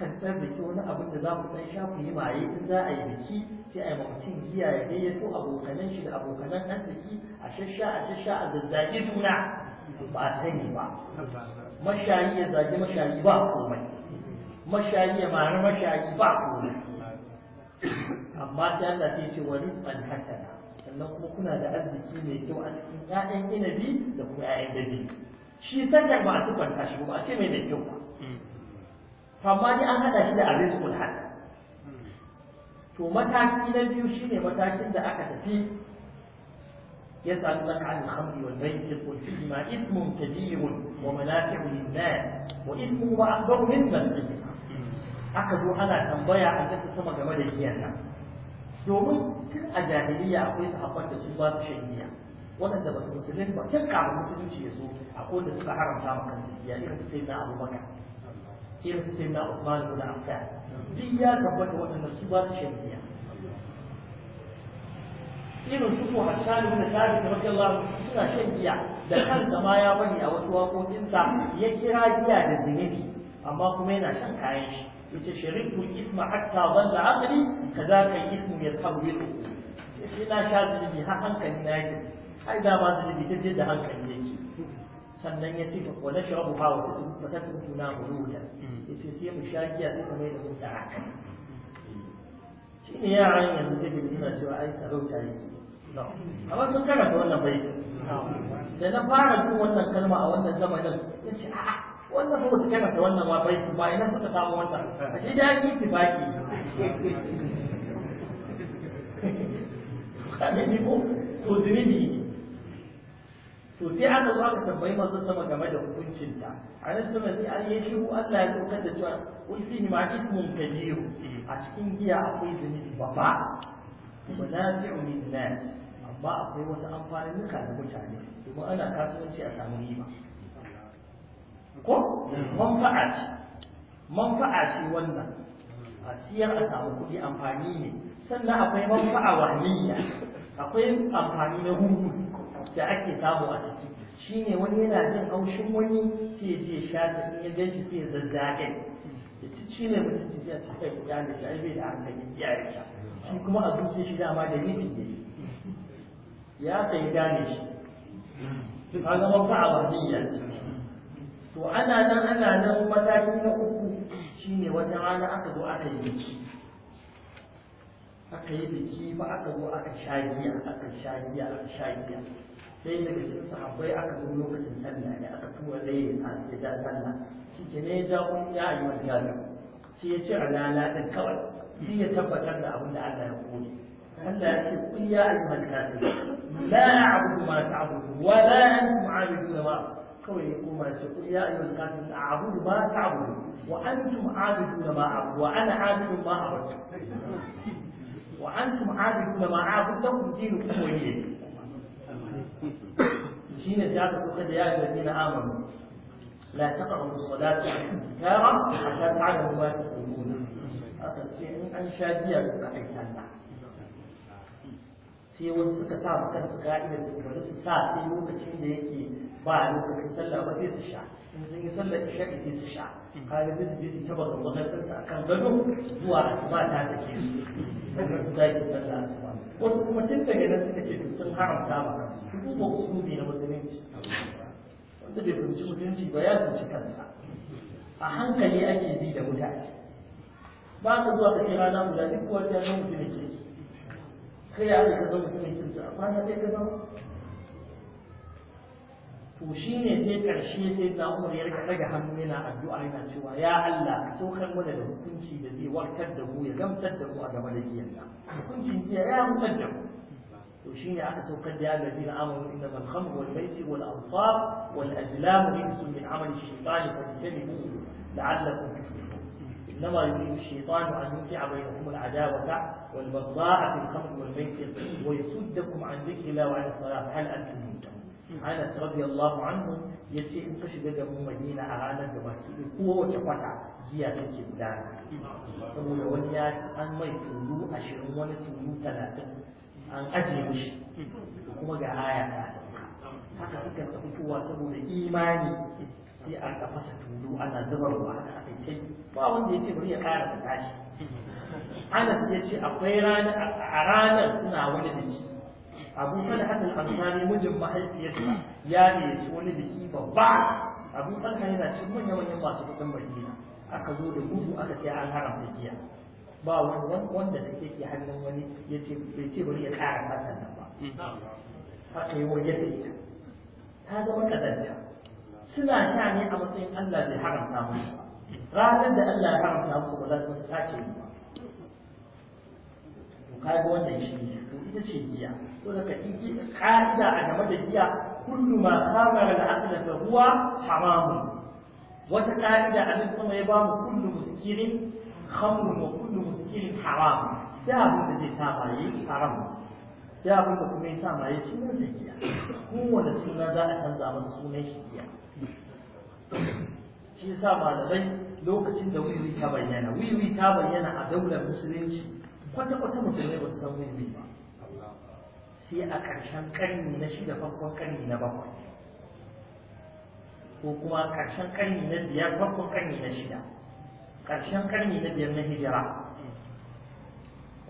قد تبتون أبو النظام الأشاب في معي إذا أي بكي في أي مرسين هي أيدية أبو كنان شد أبو كنان أنتكي أششا أششا أزدادتنا باتني با مشاهية زادة مشاهية با قومي مشاهية معنى مشاهية با قومي amma ta Allah sai ce wa hasana sannan kuma kuna da arziki mai kyau a cikin ƴaƴan inabi da kuma ƴaƴan dabi shi sannan ba a tukwanta shi ba a ce mai mai kyau ba amma dai an haɗa shi da arzikin haka to mataki na biyu shine matakin da aka tafi ya sami maka an hamdi wal bayti qul fi ma wa manafi'u aka zo ana tambaya a kasa sama game da giyan nan domin tun a jahiliya akwai sahabban da sun ba su shan giya waɗanda ba su musulun ba tun kafin musulunci ya zo a kowanne suka haramta ma kansu giya irin su sai na abubakar irin su sai na usman da affan duk ya tabbata waɗanda su ba su shan giya irin su ko hassan da wajen radiyallahu suna shan giya da kansa ma ya bani a wasu waƙoƙinsa ya kira giya da zinubi amma kuma yana shan kayan shi yace shariku isma hatta wanda aqli kadaka ismu yadhhabu bil yace na sha zunubi har hankali na yake ai da ma zunubi ta da hankali yake sannan ya ce wa nashrabu ha wa fa takununa huluda yace sai mu sha giya sai kamar da mun saraka shine yaran yanzu take nuna cewa ai sarauta ne amma sun karanta wannan bai da na fara jin wannan kalma a wannan zamanin yace a'a wannan ba su karanta wannan ba bai ba ina suka samu wannan a shi da yi tibaki kame ni ko to zunubi to sai aka zo aka tambayi manzon sama game da hukuncin ta a nan sama sai an yi shiru Allah ya saukar da cewa kul ni ma ismun kabiru a cikin giya akwai zunubi babba munafi'u lin nas amma akwai wasu amfanin da mutane kuma ana kasuwanci a samu riba ko manfa'a ce manfa'a ce wannan a siyar a samu kuɗi amfani ne sannan akwai manfa'a wahiyya akwai amfani na hudu da ake samu a ciki ne wani yana jin haushin wani sai ya je shafi in ya ganci sai ya zazzage ya ci shi ne mutum ci ya cika ya da shi bai da hankali ya yi shi kuma a zuciya shi dama da nufi ne ya sai gane shi ka zama fa'a wahiyya ce to ana nan ana nan mataki na uku shine wata rana aka zo aka yi biki aka yi biki ba aka zo aka sha giya aka sha giya aka sha giya sai daga cikin sahabbai aka zo lokacin sallah ne aka tura yi a ya da sallah shi ke ne ya kun ya yi wani gado sai ya cire lala din kawai shi ya tabbatar da abin da Allah ya kone Allah ya ce kun ya ayyuhal kafirun la a'budu ma ta'budu wa la antum 'abiduna ma كوي يقوم يا أيها الكافرون أعبد ما تعبدون وأنتم عابدون ما أعبد وأنا عابد ما أعبد وأنتم عابدون ما أعبدتم دينكم وليه جينا في هذا السؤال يا الذين آمنوا لا تقعوا الصلاة كارا حتى تعلموا ما تقولون أقل شيء أن شادية sai wasu suka sa ma kansu ka'idar da bari su sa sai lokacin da yake ba a lokacin sallah ba sai su sha in sun yi sallar isha sai su sha kaga sai su je su taba ga magantar a kan gado zuwa asuba ta take su daga su za su sallah asuba wasu kuma tun daga nan suka ce sun haramta ma kansu su duba usulubi na musulunci wanda bai fahimci musulunci ba ya fahimci kansa a hankali ake bi da mutane ba ka zuwa ka ce rana guda duk wani ya zo mutum ne ta ya ka zama mutumin kirki a kwana ɗaya ka zama to shi ne sai ƙarshe sai na umar ya rika ɗaga hannu yana addu'a yana cewa ya Allah saukar mana da hukunci da zai warkar da mu ya gamsar da mu a game da biyan nan hukuncin biya ya hutar da mu to shi ne aka saukar da ya gaji na amuru al man khamr wal maisi wal ansar wal azlamu rinsu min amali shaytani fa tajtanibu la'allakum tuflihun إنما يريد الشيطان أن يوقع بينكم العداوة والبغضاء في الخمر والميسر ويصدكم عن ذكر الله وعن الصلاة هل أنتم منتهون Anas radiyallahu anhu ya ce in shiga garin Madina a ranar da baki kowace kwata giya take gudana. Saboda wani ya an mai tulu ashirin wani tulu talatin an ajiye mishi kuma ga aya ta haka suka tafi fitowa saboda imani sai an kafasa tulu ana zubarwa a kai ba wanda ya ce bari ya ƙara da tashi anas ya ce akwai rana a ranar suna wani biki abu talha al ansari mijin mahaifiyarsa ya ne wani biki babba abu talha yana cikin manyan manyan masu kuɗin madina aka zo da gudu aka ce an haramta giya ba wani wanda da yake hannun wani ya ce bai ce bari ya ƙara fatan nan ba Haka yi wani yadda ita ta zama kazanta suna sha ne a matsayin Allah bai haramta musu ranar da Allah ya haramta musu ba za su sake yi ba to kai ga wannan shi ne to ita ce giya so da ka yi ka'ida a game da giya kullu ma khamara da aqla fa huwa haram wata ka'ida a nan kuma ya ba mu kullu muskirin khamrun wa kullu muskirin haram da abin da zai sa yi haram ya abin da kuma ya sa maye suna da giya kowane suna za a canza masa sunan shi giya shi yasa malamai lokacin da wiwi ta bayyana wiwi ta bayyana a daular musulunci kwata kwata musulmai ba su san wiwi ba sai a ƙarshen ƙarni na shida farkon ƙarni na bakwai ko kuma ƙarshen ƙarni na biyar farkon ƙarni na shida ƙarshen ƙarni na biyar na hijira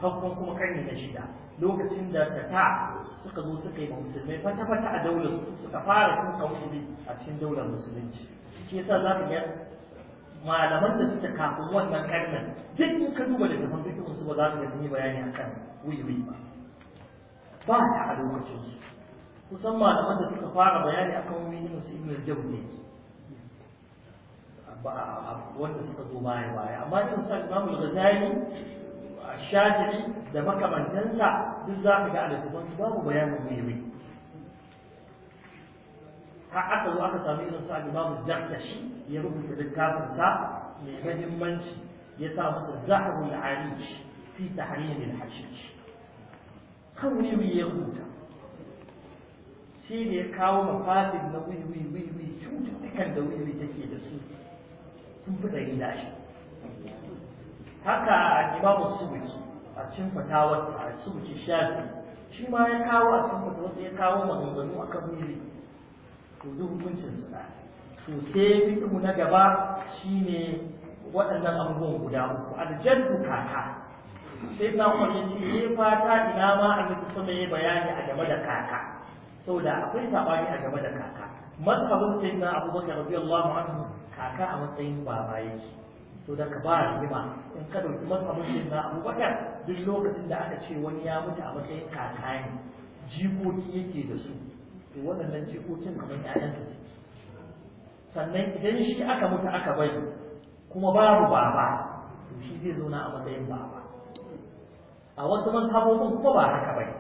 farkon kuma ƙarni na shida lokacin da ta suka zo suka yi musulmai fata-fata a daular suka fara tuka wuri a cikin daular musulunci shi yasa za ka ga malaman da suka kafin wannan karnin duk in ka duba da tafan fikin su ba za ka ga bayani akan wiwi ba ba ta a lokacin su kusan malaman da suka fara bayani akan wiwi su ibn al-jawzi wanda suka zo baya baya amma in sa Imam al-Ghazali Shafi'i da makamantansa duk za ka ga a littafin su babu bayanin wiwi aka zo aka sami irin sa imamu jarkashi ya rubuta littafin sa mai mahimmanci ya sa masa zahrul arish fi tahrim al hashish kan wiwi ya rubuta shi ne ya kawo mafadin na wiwi wiwi cututtukan da wiwi take da su sun fi ɗari da shi haka imamu subuki a cikin fatawar a subuki shafi shi ma ya kawo a cikin fatawar ya kawo maganganu akan wiwi to duk hukuncin su da to sai fiqhu na gaba shine waɗannan abubuwan guda uku aljannu kaka sai na kuma ce ne eh, fata ina ma a yi kusa mai bayani a game da kaka saboda akwai sabani a game da kaka mazhabin sai na abubakar radiyallahu anhu kaka a matsayin baba yake to da ka ba ba, in ka dauki mazhabin sai na abubakar duk lokacin da aka ce wani ya mutu a matsayin kaka ne jikoki yake da su to waɗannan jikokin kamar ƴaƴan da suke sannan idan shi aka mutu aka bai kuma babu baba to shi zai zauna a matsayin baba a wasu mazhabobin kuma ba haka bai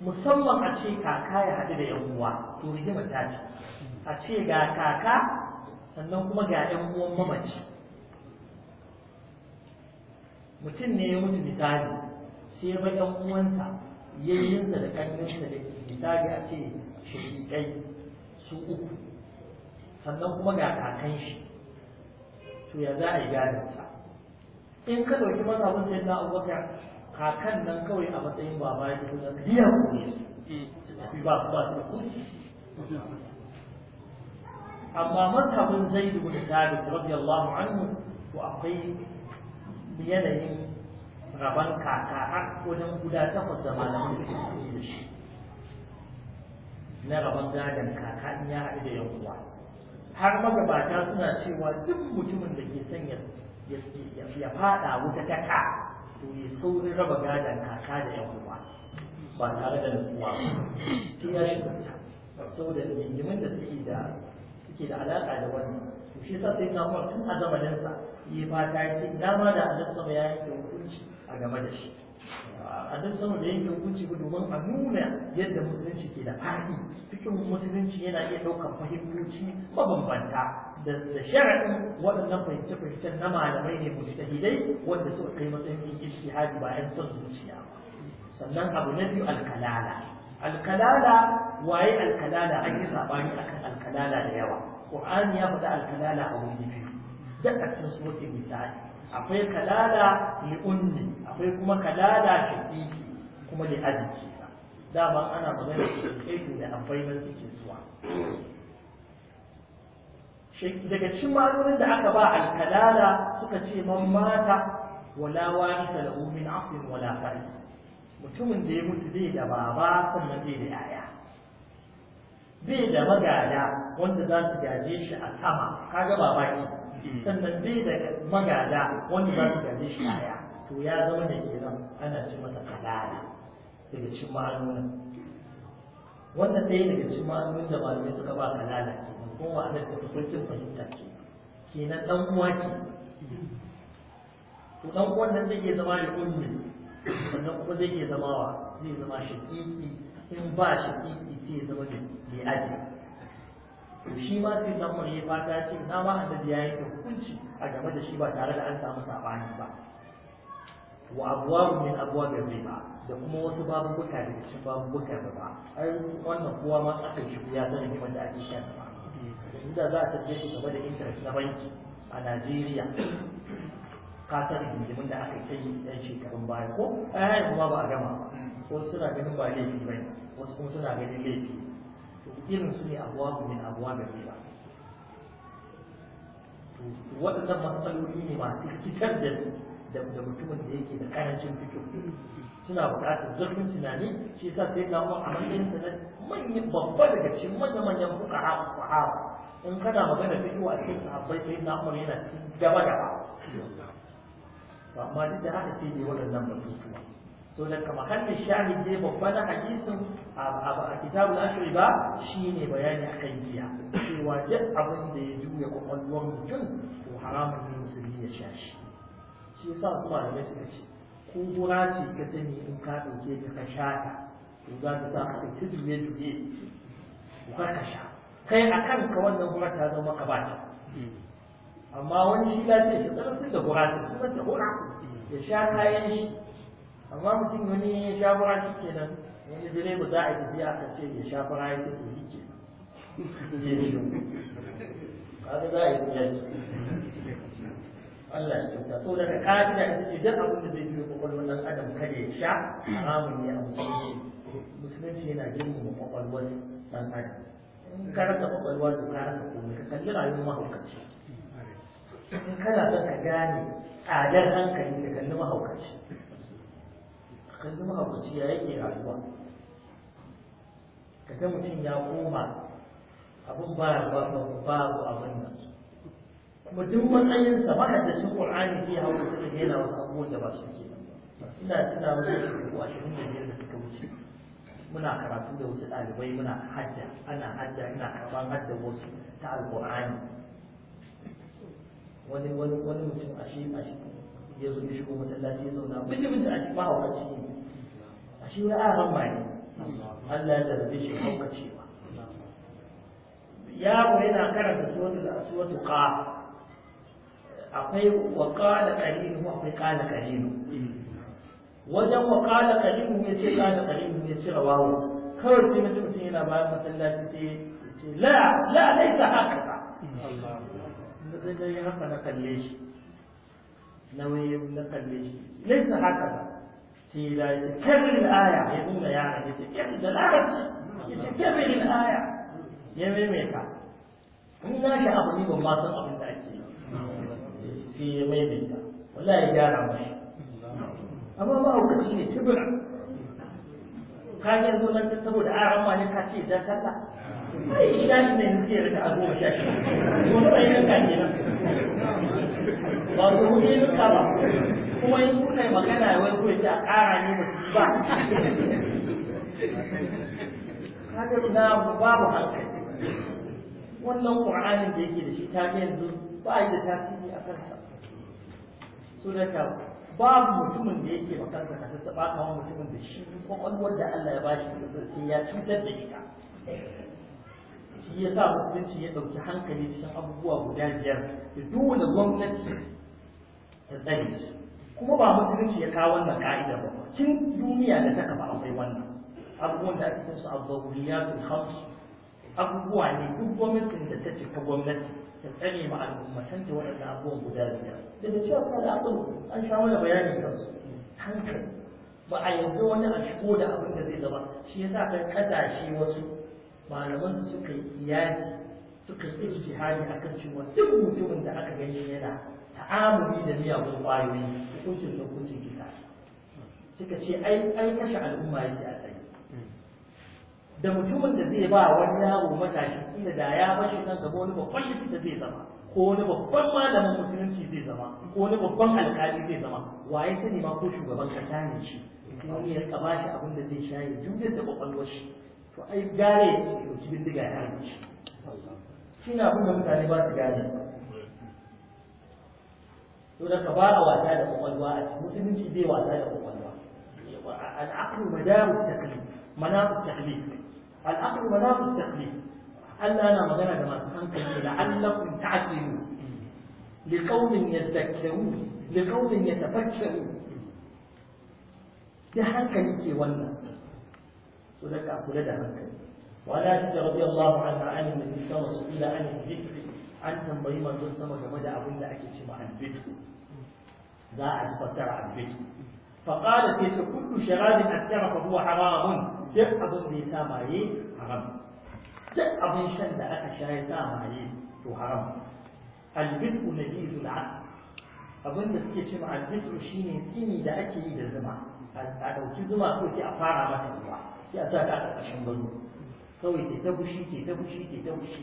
musamman a ce kaka ya haɗu da yan uwa to rigimar ta ce a ce ga kaka sannan kuma ga yan uwan mamaci mutum ne ya mutu misali sai ya bar yan uwansa yayinsa da ƙarfinsa da ke misali a ce shahiƙai su uku sannan kuma ga kakan shi to ya za a yi gadonsa in ka ɗauki mazhabin sai na abubakar kakan nan kawai a matsayin ba ya kuma na biya kuɗi su tafi ba su ba su da kuɗi amma mazhabin zaidu bin sabit radiyallahu anhu to akwai yanayin Raban kaka har wajen guda takwas da malamin da ke da shi na rabon gadon kaka in ya haɗu da yan uwa har magabata suna cewa duk mutumin da ke son ya faɗa wuta ta ka to ya saurin raba gadon kaka da yan uwa ba tare da nutsuwa sai ya shi ta saboda sau da suke da suke da alaƙa da wannan to shi yasa sai na tun a zamaninsa ya fata ce dama da annabi ya yi da hukunci a game da shi a nan sama da yanke hukunci domin a nuna yadda musulunci ke da faɗi cikin musulunci yana iya ɗaukar fahimtoci mabambanta da sharaɗin waɗannan fahimce-fahimcen na malamai ne mujtahidai wanda suka kai matsayin ijtihadi bayan son zuciya sannan abu na biyu alkalala alkalala waye alkalala an yi sabani akan alkalala da yawa qur'ani ya faɗi alkalala a wuri biyu duk a cikin suratul nisa'i akwai kalala unni akwai kuma kalala shaƙiƙi kuma da aziki dama ana magana shaƙiƙi da akwai nan suke zuwa daga cikin ma'anonin da aka ba alkalala suka ce man mata wala wani lahu min aslin wala fari mutumin da ya mutu zai da baba sannan zai da yaya Zai da magada wanda za su gaje shi a sama kaga baba ke sannan bai da magada wanda za su gaje shi aya to ya zama da kenan ana ci mata kalala daga cikin ma'anonin wannan ɗaya daga cin ma'anonin da malamai suka ba kalala kenan ko ma'anar tafi sokin fahimta ke kenan ɗan uwa ke to ɗan uwan nan zai iya zama da ummi sannan kuma zai iya zama wa zai zama shaƙiƙi in ba shaƙiƙi sai ya zama mai aji shi ma sai na umar yi fata ce na ma da ya yanke hukunci a game da shi ba tare da an samu sabani ba wa abwaru min abwabil riba da kuma wasu babubuka da cikin babubuka da ba ai wannan kowa ma aka shi ya zama ne wanda ake shan ba inda za a tafi shi game da interest na banki a Najeriya kasar hindimin da aka yi yan shekarun baya ko ai kuma ba a gama ba wasu suna ganin ba laifi ba wasu kuma suna ganin laifi irin su ne abuwa min abuwa da riba waɗannan matsaloli ne masu fitar da da mutumin da yake da karancin fito suna buƙatar zurfin tunani shi sa sai ka a matsayin sanar manyan babba daga cikin manyan manyan fuqaha fuqaha in kana magana fikin wa cikin sahabbai sai na Umar yana cikin gaba gaba to amma duk da haka sai dai waɗannan batutuwa So da kama hannun shahid ne babban hadisin a kitabul ashri ba shine bayani akan giya cewa duk abin da ya juya kwakwalwar mutum ko haramun ne musulmi ya sha shi shi yasa su malamai suka ce ko gura ce ka sani in ka ɗauke ta ka sha ta to za ta sa ka ta juye juye ka sha kai a kanka wannan gura ta zama ka bata amma wani shi lafiya shi tsarafin da gura ta su mata gura ya sha kayan shi amma mutum wani ya sha fara shi kenan yanzu direba za a yi tafiya aka ce ya sha fara ya tafi shi kaga za a yi yaki Allah ya kyauta so daga ka'ida ita ce duk abin da zai biyo kwakwalwar ɗan adam kada ya sha haramun ne a musulunci musulunci yana girmama kwakwalwar ɗan adam in ka rasa kwakwalwa to ka rasa komai ka kalli rayuwar mahaukaci in kana son ka gane tsadar hankali ka kalli mahaukaci kalli mahaukaci ya yake rayuwa kaga mutum ya koma abin ba ba babu abin nan kuma duk matsayinsa mahaddacin Qur'ani zai hawo da na wasu abubuwan da ba su ke ina tuna musu shekaru ashirin da biyar da suka wuce muna karatu da wasu ɗalibai muna hadda ana hadda ina karɓar hadda wasu ta alƙur'ani wani wani wani mutum ashe ashe ya zo ya shigo masallaci ya zauna bin da bin ba hawa shi ne shi ya aran ba ne Allah ya zarbe shi kaukacewa yaro yana karanta suratul suratul qa akwai wa qala qalilu akwai qala qalilu wajen wa qala qalilu ya ce qala qalilu ya ce rawahu kawai sai mutum mutum yana bayan masallaci ce ce la la laisa haka ba Allah da haka na kalle shi na waye na kalle shi laisa haka ba sai da ya ce kabir aya ya dinga ya ya ce kabir da larabci ya ce kabir aya ya maimaita in na shi abu ne ban ma san abin da ake sai ya maimaita wallahi ya gyara mashi amma ba hukunci ne kibir ka yi zo nan saboda ne ce ne da abu sha shi ko ba ba ba kuma in kuna magana wai kuma ce a ƙara ne ba kaga na babu hankali wannan qur'anin da yake da shi ta yanzu ba yi da tasiri a kansa so da ta babu mutumin da yake kansa ka ta taba kawo mutumin da shi kwakwalwar da Allah ya bashi da sai ya cutar da ita shi ya sa musulunci ya ɗauki hankali cikin abubuwa guda biyar da dole gwamnati ta tsare su kuma ba musulunci ya kawo wannan ka'ida ba tun duniya da ta kafa akwai wannan abubuwan da ake kinsu abubuwan hamsu abubuwa ne duk gwamnatin da ta ce ta gwamnati ta tsare ma al'ummatan da wadanda abubuwan guda biyar da da cewa kuma da abin an sha mana bayanin kansu hankali ba a yanzu wani a shigo da abin da zai zama shi ya sa kai shi wasu malaman suka yi kiyasi suka yi ijtihadi akan cewa duk mutumin da aka gani yana ta'amuli da miyagun ƙwayoyi hukuncin sa hukuncin kisa suka ce ai ai kashe al'umma yake a tsaye da mutumin da zai ba wani yaro matashi kila da ya bashi nan gaba wani babban likita zai zama ko wani babban malamin musulunci zai zama ko wani babban alkali zai zama waye sani nema ko shugaban kasa ne shi wani ya rika shi abin da zai shaye jumlar da kwakwalwar shi to ai gane ya ɗauki bindiga ya harbe shi shi na mutane ba su gane to da ka ba a wata da kwakwalwa a cikin musulunci zai wata da kwakwalwa al'aqlu madaru taklif manafu taklif al'aqlu manafu taklif Allah yana magana da masu hankali da la'allakum ta'qilu liqaumin yadhakkarun liqaumin yatafakkarun da hankali ke wannan to da ka kula da hankali ولا رضي الله عنها عن النبي صلى wa عليه وسلم عن الذكر an tambayi manzon sama game da abin da ake ce ma albitu za a ji fasara albitu fa qala sai ce kullu sharabin aktara fa huwa haramun duk abin da ya sa maye haram duk abin shan da aka sha ya sa maye to haram albitu biyu aql abin da suke ce ma albitu shine tsini da ake yi da zuma a ɗauki zuma ko sai a fara mata ruwa sai a sa ta a ƙarƙashin gado kawai ke ta bushi ke ta bushi ke ta bushi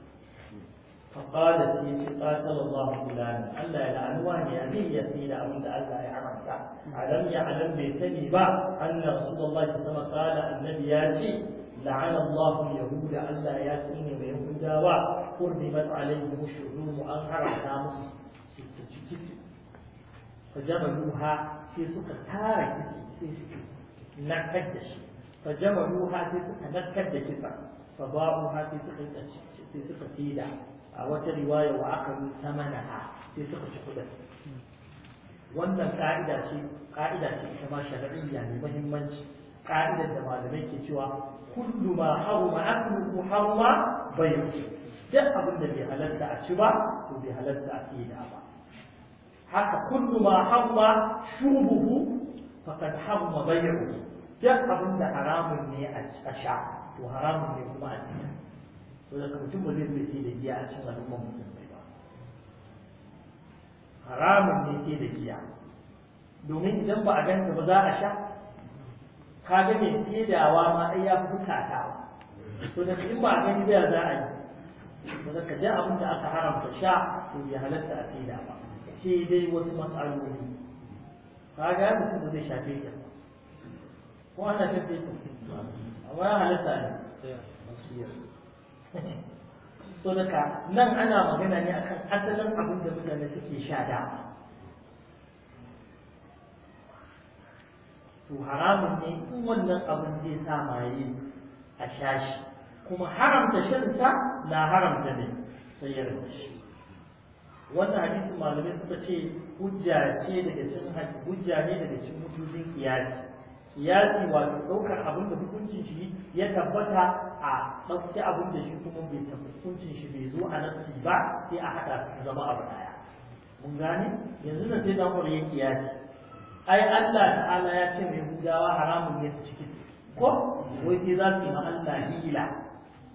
فقالت لي قاتل الله فلانا ألا يلعنوان يا بي يسيل أمد ألا يعرفك ألم يعلم بيسني با أن رسول الله صلى الله عليه وسلم قال النبي ياتي لعن الله اليهود ألا ياتيني ويهودا وحرمت عليهم الشعوب أن حرمنا فجملوها في سوق تارك في سكة نكدش فجملوها في سوق نكدش فباعوها في سوق في a wata riwaya wa aka yi ha, sai suka ci kudin wannan ka'ida ce ka'ida ce ita ma ya mai muhimmanci ka'idar da malamai ke cewa kullu ma haruma aklu haruma bayu duk abin da bai halatta a ci ba to bai halatta a ci da ba haka kullu ma haruma shubuhu faqad haruma bayu duk abin da haramun ne a sha to haramun ne kuma a to ka mutum ba zai zai ce da giya a cikin al'umma musulmai ba haramun ne ce da giya domin idan ba a ganta ba za a sha ka ga mai awa ma ai ya fi bukata to da in ba a gani ba za a yi ba ka ja abin da aka haramta sha to ya halatta a da ba ce dai wasu matsaloli ka ga mutum zai shafe ya ko ana tafiye ta amma ya halatta ne so daga nan ana magana ne akan asalin abin da mutane suke sha da to haramun ne in wannan abin zai sa maye a sha shi kuma haramta shansa na haramta ne sai ya shi wannan hadisi malamai suka ce hujja ce daga cikin hujja ne daga cikin iyali Ya kiyasi wato ɗaukar abin da hukuncin shi ya tabbata a ɗauki abin da shi kuma bai tabbata hukuncin shi bai zo a nafsi ba sai a haɗa su zama abu ɗaya mun gane yanzu na sai zamu ya kiyaye. ai Allah ta'ala ya ce mai hudawa haramun ne ciki ko wai sai za su yi ma Allah hila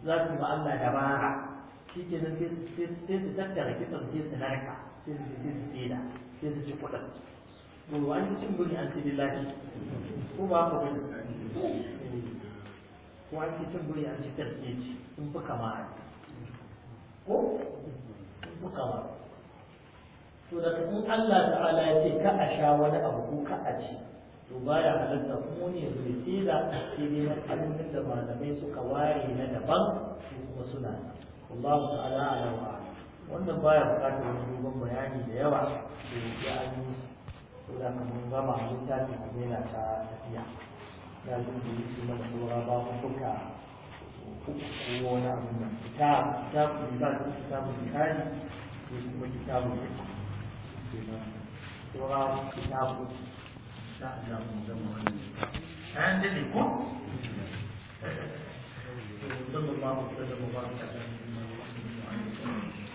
za su yi ma Allah dabara shi ke nan sai su tattara kitsan sai su narka sai su sai su sai su ci kuɗin to cin an lafi ko ba ku kama ko in fi kama da Allah ta'ala ya ce ka a sha wani abu ko ka a ci to baya halatta kuma ne zai tsira ke dai matsalolin da malamai suka ware na daban su kuma suna Allah ta'ala ala wa wannan baya bukatar wani dogon bayani da yawa da ya an yi saboda ka mun gama mun tafi kuma yana ta tafiya ya zo da yi su mana saura ba ku kuka ko wani abu nan ta ta ku ba su ta ku kai sai kuma kitabu ne saura